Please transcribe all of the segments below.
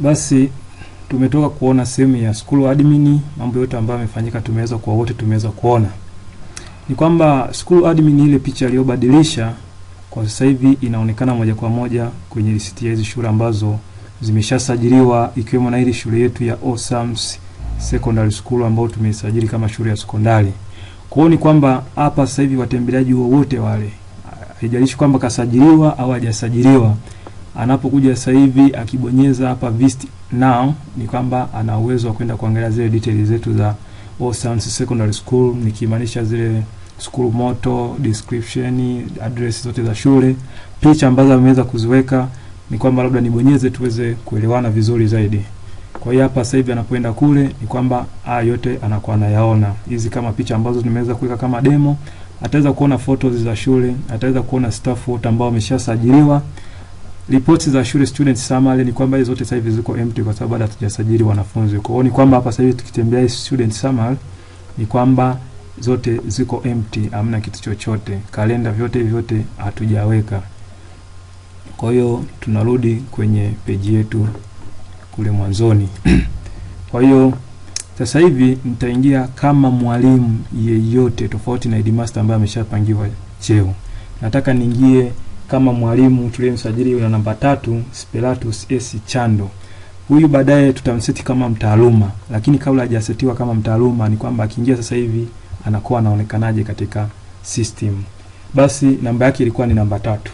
Basi tumetoka kuona sehemu ya school admin, mambo yote ambayo yamefanyika tumeweza kwa wote tumeweza kuona ni kwamba school admin ile picha aliyobadilisha kwa sasa hivi inaonekana moja kwa moja kwenye listi ya hizi shule ambazo zimeshasajiliwa ikiwemo na ile shule yetu ya Osams Secondary School ambayo tumeisajili kama shule ya sekondari. Kwao ni kwamba hapa sasa hivi watembeleaji wowote wale, haijalishi kwamba kasajiliwa au hajasajiliwa anapokuja sasa hivi akibonyeza hapa vist now, ni kwamba ana uwezo wa kwenda kuangalia zile details zetu za All Saints Secondary School, nikimaanisha zile school moto, description, address zote za shule, picha ambazo ameweza kuziweka. Ni kwamba labda nibonyeze tuweze kuelewana vizuri zaidi. Kwa hiyo hapa sasa hivi anapoenda kule, ni kwamba haya yote anakuwa anayaona. Hizi kama picha ambazo nimeweza kuweka kama demo, ataweza kuona photos za shule, ataweza kuona staff wote ambao wameshasajiliwa Ripoti za shule student summary ni kwamba hizo zote sasa hivi ziko empty kwa sababu bado hatujasajili wanafunzi. Kwa hiyo ni kwamba hapa sasa hivi tukitembea student summary ni kwamba zote ziko empty, hamna kitu chochote. Kalenda vyote vyote hatujaweka. Kwa hiyo tunarudi kwenye peji yetu kule mwanzoni. Kwa hiyo sasa hivi nitaingia kama mwalimu yeyote tofauti na headmaster ambaye ameshapangiwa cheo. Nataka niingie kama mwalimu tuliyemsajili na namba tatu Speratus S Chando. Huyu baadaye tutamseti kama mtaaluma, lakini kabla hajasetiwa kama mtaaluma ni kwamba akiingia sasa hivi anakuwa anaonekanaje katika system. Basi namba yake ilikuwa ni namba tatu.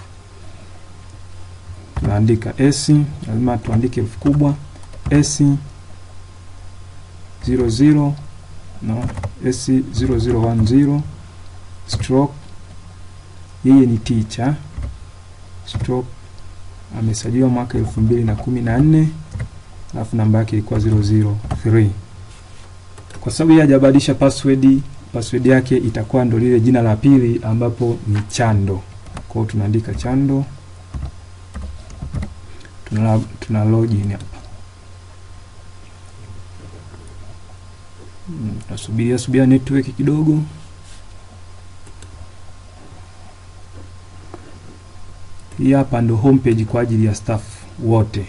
Tunaandika S, lazima tuandike F kubwa S 00 no S0010 stroke, yeye ni teacher stroke amesajiliwa mwaka elfu mbili na kumi na nne alafu namba yake ilikuwa 003. Kwa sababu yeye hajabadilisha password, password yake itakuwa ndo lile jina la pili ambapo ni Chando. kwao tunaandika Chando, tuna, tuna login hapa. Hmm, tunasubiria subiria network kidogo. Hii hapa ndio homepage kwa ajili ya staff wote.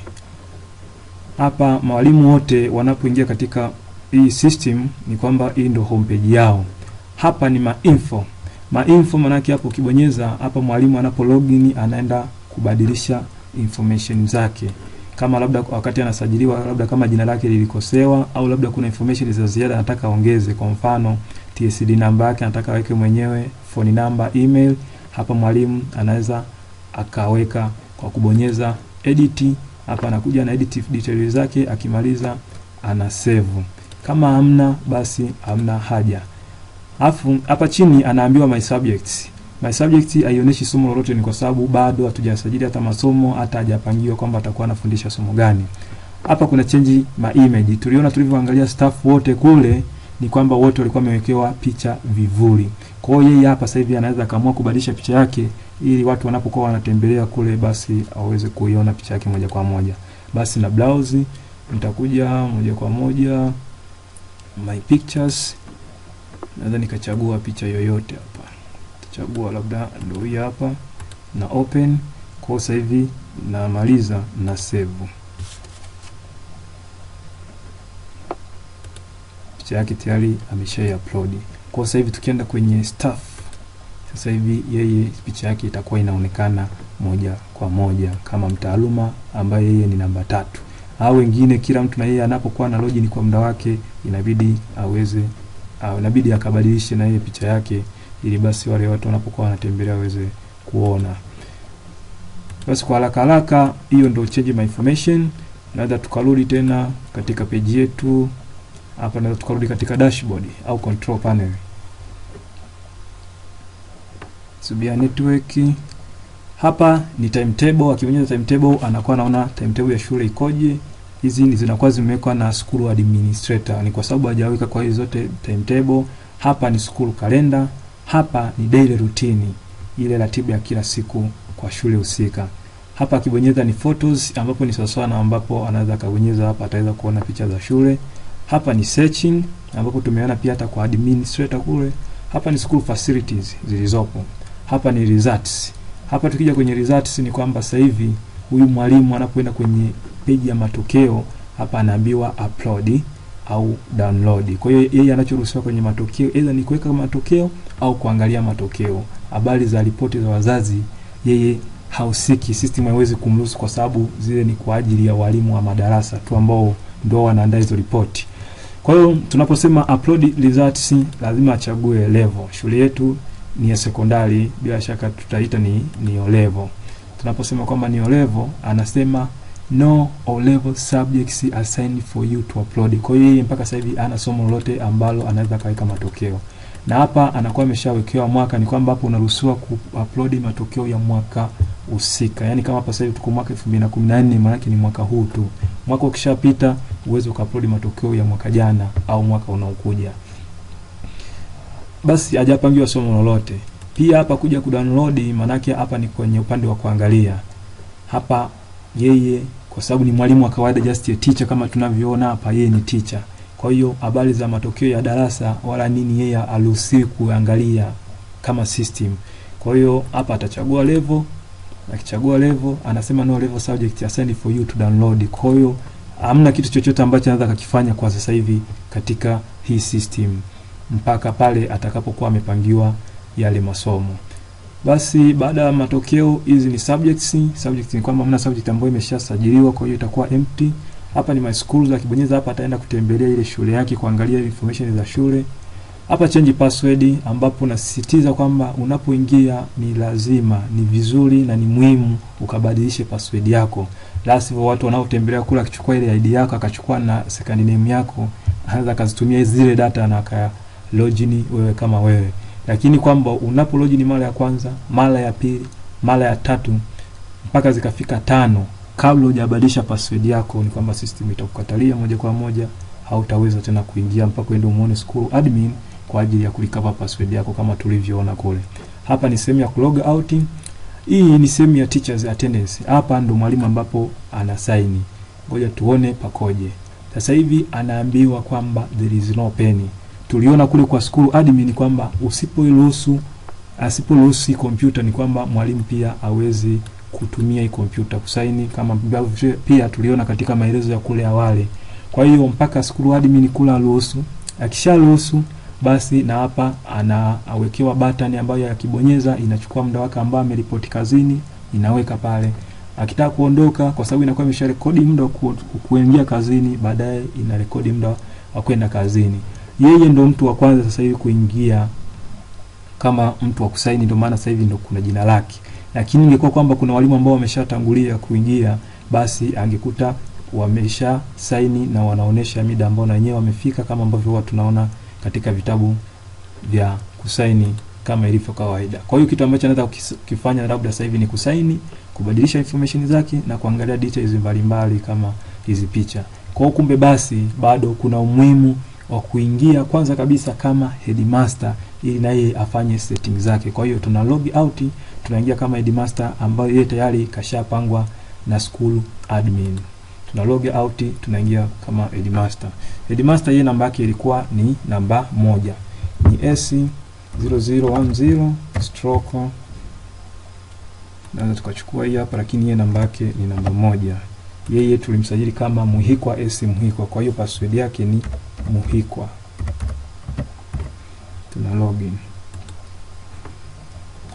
Hapa mwalimu wote wanapoingia katika hii system ni kwamba hii ndio homepage yao. Hapa ni mainfo. Mainfo maana yake hapo ukibonyeza hapa mwalimu anapo login anaenda kubadilisha information zake. Kama labda wakati anasajiliwa labda kama jina lake lilikosewa au labda kuna information za ziada anataka aongeze, kwa mfano TSD namba yake anataka aweke mwenyewe, phone number, email, hapa mwalimu anaweza akaweka kwa kubonyeza edit. Hapa anakuja na edit details zake, akimaliza ana save. Kama hamna basi hamna haja. Afu hapa chini anaambiwa my subjects. My subjects haionyeshi somo lolote, ni kwa sababu bado hatujasajili hata masomo, hata hajapangiwa kwamba atakuwa anafundisha somo gani. Hapa kuna change my image. Tuliona tulivyoangalia staff wote kule ni kwamba wote walikuwa wamewekewa picha vivuli. Kwa hiyo yeye hapa sasa hivi anaweza akaamua kubadilisha picha yake ili watu wanapokuwa wanatembelea kule, basi aweze kuiona picha yake moja kwa moja. Basi na blouse nitakuja moja kwa moja my pictures, naweza nikachagua picha yoyote hapa, chagua labda ndio hii hapa na open. Kwa sasa hivi namaliza na save. picha yake tayari ameshai upload. Kwa sasa hivi tukienda kwenye staff, sasa hivi yeye picha yake itakuwa inaonekana moja kwa moja kama mtaaluma ambaye yeye ni namba tatu, au wengine, kila mtu na yeye anapokuwa na login kwa muda wake inabidi aweze au inabidi akabadilishe na yeye picha yake, ili basi wale watu wanapokuwa wanatembelea waweze kuona. Basi kwa haraka haraka, hiyo ndio change my information. Naweza tukarudi tena katika peji yetu. Hapa naweza tukarudi katika dashboard au control panel, subia network. Hapa ni timetable, akibonyeza timetable anakuwa anaona timetable ya shule ikoje. Hizi ni zinakuwa zimewekwa na school administrator, ni kwa sababu hajaweka kwa hizo zote timetable. Hapa ni school calendar, hapa ni daily routine, ile ratiba ya kila siku kwa shule husika. Hapa akibonyeza ni photos, ambapo ni sawasawa na ambapo anaweza akabonyeza hapa, ataweza kuona picha za shule. Hapa ni searching ambapo tumeona pia hata kwa administrator kule. Hapa ni school facilities zilizopo. Hapa ni results. Hapa tukija kwenye results ni kwamba sasa hivi huyu mwalimu anapoenda kwenye peji ya matokeo hapa anaambiwa upload au download. Kwa hiyo yeye anachoruhusiwa kwenye matokeo either ni kuweka matokeo au kuangalia matokeo. Habari za ripoti za wazazi yeye hausiki, system haiwezi kumruhusu kwa sababu zile ni kwa ajili ya walimu wa madarasa tu ambao ndio wanaandaa hizo ripoti. Kwa hiyo tunaposema upload results lazima achague level. Shule yetu ni ya sekondari, bila shaka tutaita ni ni O level. Tunaposema kwamba ni O level, anasema no O level subjects assigned for you to upload. Kwa hiyo yeye mpaka sasa hivi ana somo lolote ambalo anaweza kaweka matokeo, na hapa anakuwa ameshawekewa mwaka. Ni kwamba hapo unaruhusiwa kuupload matokeo ya mwaka husika, yaani kama hapa sasa hivi tuko mwaka 2014 maana ni mwaka huu tu. Mwaka ukishapita uweze ukaupload matokeo ya mwaka jana au mwaka unaokuja. Basi hajapangiwa somo lolote. Pia hapa kuja kudownload, manake hapa ni kwenye upande wa kuangalia hapa yeye kwa sababu ni mwalimu wa kawaida, just a teacher, kama tunavyoona hapa, yeye ni teacher. Kwa hiyo habari za matokeo ya darasa wala nini, yeye aruhusiwi kuangalia kama system. Kwa hiyo hapa atachagua level, akichagua level anasema no level subject assigned for you to download. Kwa hiyo hamna kitu chochote ambacho anaweza kakifanya kwa sasa hivi katika hii system mpaka pale atakapokuwa amepangiwa yale masomo. Basi baada ya matokeo, hizi ni subjects. Subjects ni kwamba mna subject ambayo imeshasajiliwa, kwa hiyo itakuwa empty. Hapa ni my schools, akibonyeza hapa ataenda kutembelea ile shule yake kuangalia information za shule. Hapa change password, ambapo nasisitiza kwamba unapoingia ni lazima, ni vizuri na ni muhimu ukabadilishe password yako, la sivyo watu wanaotembelea kula akichukua ile ID yako akachukua na second name yako, anaweza akazitumia zile data na aka login wewe kama wewe. Lakini kwamba unapo login mara ya kwanza, mara ya pili, mara ya tatu mpaka zikafika tano kabla hujabadilisha password yako, ni kwamba system itakukatalia moja kwa moja, hautaweza tena kuingia mpaka uende umuone school admin kwa ajili ya kulikava password yako kama tulivyoona kule. Hapa ni sehemu ya log out. Hii ni sehemu ya teachers attendance. Hapa ndo mwalimu ambapo ana sign. Ngoja tuone pakoje. Sasa hivi anaambiwa kwamba there is no pen. Tuliona kule kwa school admin kwamba usiporuhusu asiporuhusi kompyuta ni kwamba mwalimu pia awezi kutumia hii kompyuta kusaini, kama pia tuliona katika maelezo ya kule awali. Kwa hiyo mpaka school admin kula ruhusu, akisha ruhusu basi na hapa anawekewa button ambayo akibonyeza inachukua muda wake ambao ameripoti kazini, inaweka pale. Akitaka kuondoka, kwa sababu inakuwa imesharekodi muda wa kuingia kazini, baadaye inarekodi muda wa kwenda kazini. Yeye ndo mtu wa kwanza sasa hivi kuingia kama mtu wa kusaini, ndio maana sasa hivi ndo kuna jina lake. Lakini ingekuwa kwamba kuna walimu ambao wameshatangulia kuingia, basi angekuta wamesha saini na wanaonesha mida ambao na wenyewe wamefika, kama ambavyo huwa tunaona katika vitabu vya kusaini kama ilivyo kawaida. Kwa hiyo kitu ambacho anaweza kukifanya labda sasa hivi ni kusaini, kubadilisha information zake na kuangalia details mbalimbali kama hizi picha. Kwa hiyo kumbe basi bado kuna umuhimu wa kuingia kwanza kabisa kama headmaster ili naye afanye setting zake. Kwa hiyo tuna log out, tunaingia kama headmaster ambayo yeye tayari kashapangwa na school admin. Tuna log out, tunaingia kama headmaster. Headmaster hii namba yake ilikuwa ni namba moja, ni S0010 stroke naweza tukachukua hii hapa, lakini yeye namba yake ni namba moja. Yeye tulimsajili kama Muhikwa S Muhikwa, kwa hiyo password yake ni Muhikwa. Tuna login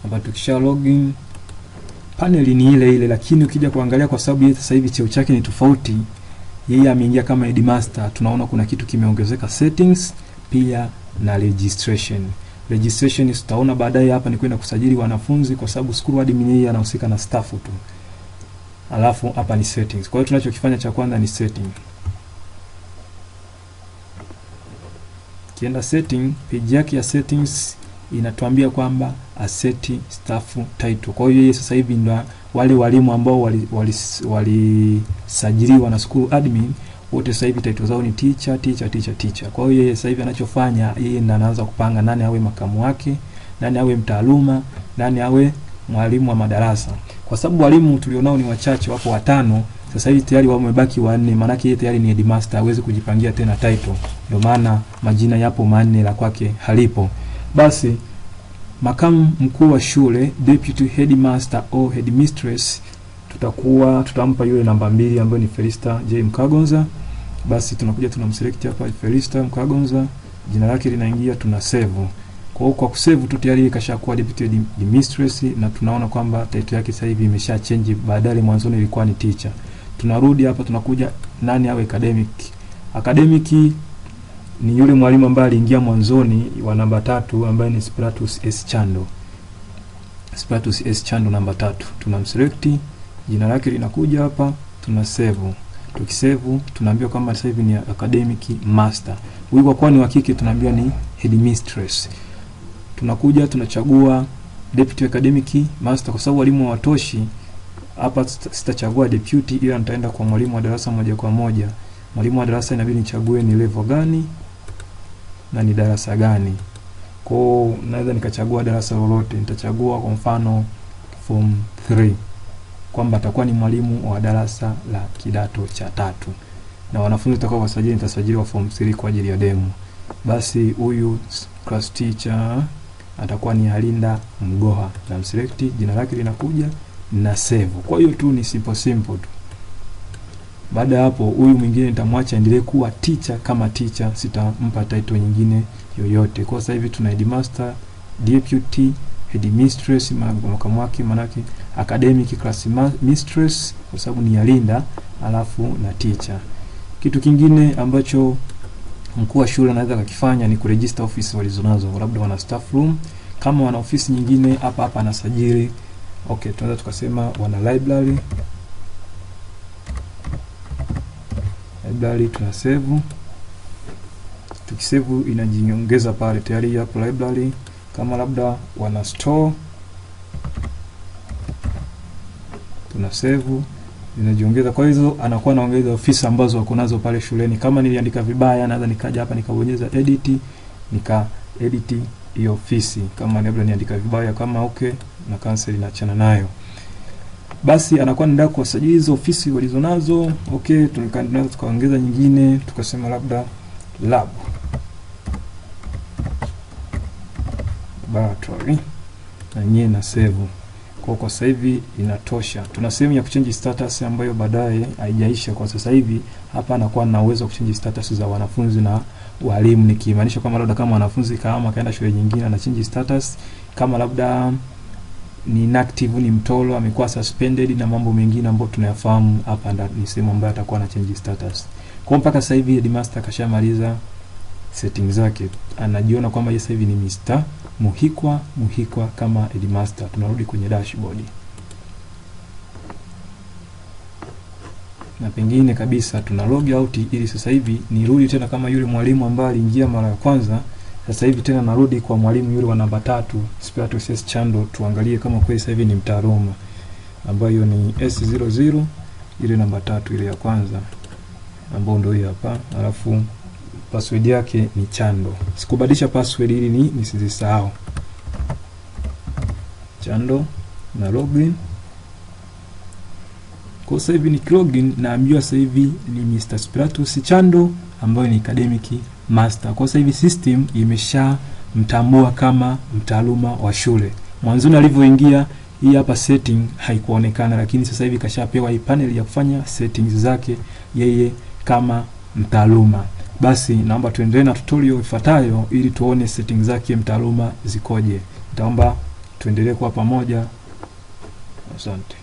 hapa, tukisha login paneli ni ile ile, lakini ukija kuangalia kwa sababu yeye sasa hivi cheo chake ni tofauti yeye ameingia kama headmaster, tunaona kuna kitu kimeongezeka settings pia na registration. Registration tutaona baadaye, hapa ni kwenda kusajili wanafunzi kwa sababu school admin yeye anahusika na staff tu. Alafu hapa ni settings. Kwa hiyo tunachokifanya cha kwanza ni setting. Kienda setting, page yake ya settings inatuambia kwamba asset staff title. Kwa hiyo sasa hivi ndio wale walimu ambao walisajiliwa wali, wali na school admin wote sasa hivi title zao ni teacher teacher teacher teacher. Kwa hiyo yeye sasa hivi anachofanya yeye ndio anaanza kupanga nani awe makamu wake, nani awe mtaaluma, nani awe mwalimu wa madarasa, kwa sababu walimu tulionao ni wachache, wapo watano sasa hivi tayari wamebaki wanne, maana yake tayari ni headmaster, hawezi kujipangia tena title, ndio maana majina yapo manne la kwake halipo basi Makamu mkuu wa shule deputy headmaster au headmistress, tutakuwa tutampa yule namba mbili ambayo ni Felista J Mkagonza. Basi tunakuja tunamselect hapa Felista Mkagonza, jina lake linaingia, tuna save. Kwa hiyo kwa kusave tu tayari kashakuwa deputy headmistress, na tunaona kwamba title yake sasa hivi imesha change, badala mwanzo ilikuwa ni teacher. Tunarudi hapa, tunakuja nani awe academic academic ni yule mwalimu ambaye aliingia mwanzoni wa namba tatu ambaye ni Spiratus S Chando. Spiratus S Chando namba tatu, tunamselect jina lake linakuja hapa, tuna save. Tukisave tunaambiwa kwamba sasa hivi ni academic master. Huyu kwa kuwa ni wa kike tunaambiwa ni headmistress. Tunakuja tunachagua deputy academic master kwa sababu walimu hawatoshi hapa sitachagua deputy, ila nitaenda kwa mwalimu wa darasa moja kwa moja. Mwalimu wa darasa inabidi nichague ni level gani na ni darasa gani. Kwa hiyo naweza nikachagua darasa lolote, nitachagua kwa mfano form 3 kwamba atakuwa ni mwalimu wa darasa la kidato cha tatu na wanafunzi tutakao wasajili nitasajili wa form 3 kwa ajili ya demo. Basi huyu class teacher atakuwa ni Halinda Mgoha, na mselect jina lake linakuja na save. Kwa hiyo tu ni simple simple tu. Baada ya hapo, huyu mwingine nitamwacha endelee kuwa teacher kama teacher, sitampa title nyingine yoyote. Kwa sasa hivi tuna headmaster, deputy headmistress, makamu wake, manake academic class mistress, kwa sababu ni yalinda, alafu na teacher. Kitu kingine ambacho mkuu wa shule anaweza akakifanya ni kuregister office walizonazo, labda wana staff room. Kama wana ofisi nyingine hapa hapa anasajili. Okay, tunaweza tukasema wana library library tuna save. Tukisave inajiongeza pale tayari hapo library, kama labda wana store tuna save inajiongeza. Kwa hizo anakuwa anaongeza ofisi ambazo wako nazo pale shuleni. Kama niliandika vibaya, naweza nikaja hapa nikabonyeza edit, nika edit hiyo ofisi. Kama labda niandika vibaya, kama okay na cancel, inaachana nayo basi anakuwa anaenda kuwasajili hizo ofisi walizonazo. Okay, tunaweza tukaongeza nyingine tukasema labda lab laboratory na nyewe na save kwa kwa sasa hivi inatosha. Tuna sehemu ya kuchange status ambayo baadaye haijaisha. Kwa sasa hivi hapa anakuwa na uwezo wa kuchange status za wanafunzi na walimu, nikimaanisha kwamba labda kama wanafunzi kama kaenda shule nyingine change status kama labda ni inactive, ni Mtolo amekuwa suspended na mambo mengine ambayo tunayafahamu hapa, ni sehemu ambayo atakuwa na change status. Kwa mpaka sasa hivi headmaster kashamaliza setting zake, anajiona kwamba yeye sasa hivi ni Mr. Muhikwa Muhikwa kama headmaster. Tunarudi kwenye dashboard na pengine kabisa tuna log out, ili sasa hivi nirudi tena kama yule mwalimu ambaye aliingia mara ya kwanza. Sasa hivi tena narudi kwa mwalimu yule wa namba tatu Spiratus S Chando, tuangalie kama kweli sasa hivi ni mtaaluma, ambayo ni S00 ile namba tatu ile ya kwanza, ambayo ndio hiyo hapa, alafu password yake ni Chando. Sikubadilisha password ili ni nisizisahau. Chando na login. Kwa sasa hivi ni login, naambiwa sasa hivi ni Mr. Spiratus Chando ambayo ni academic master. Kwa sasa hivi system imeshamtambua kama mtaaluma wa shule. Mwanzoni alivyoingia hii hapa setting haikuonekana, lakini sasa hivi kashapewa hii panel ya kufanya settings zake yeye kama mtaaluma. Basi naomba tuendelee na tutorial ifuatayo ili tuone settings zake mtaaluma zikoje. Nitaomba tuendelee kwa pamoja. Asante.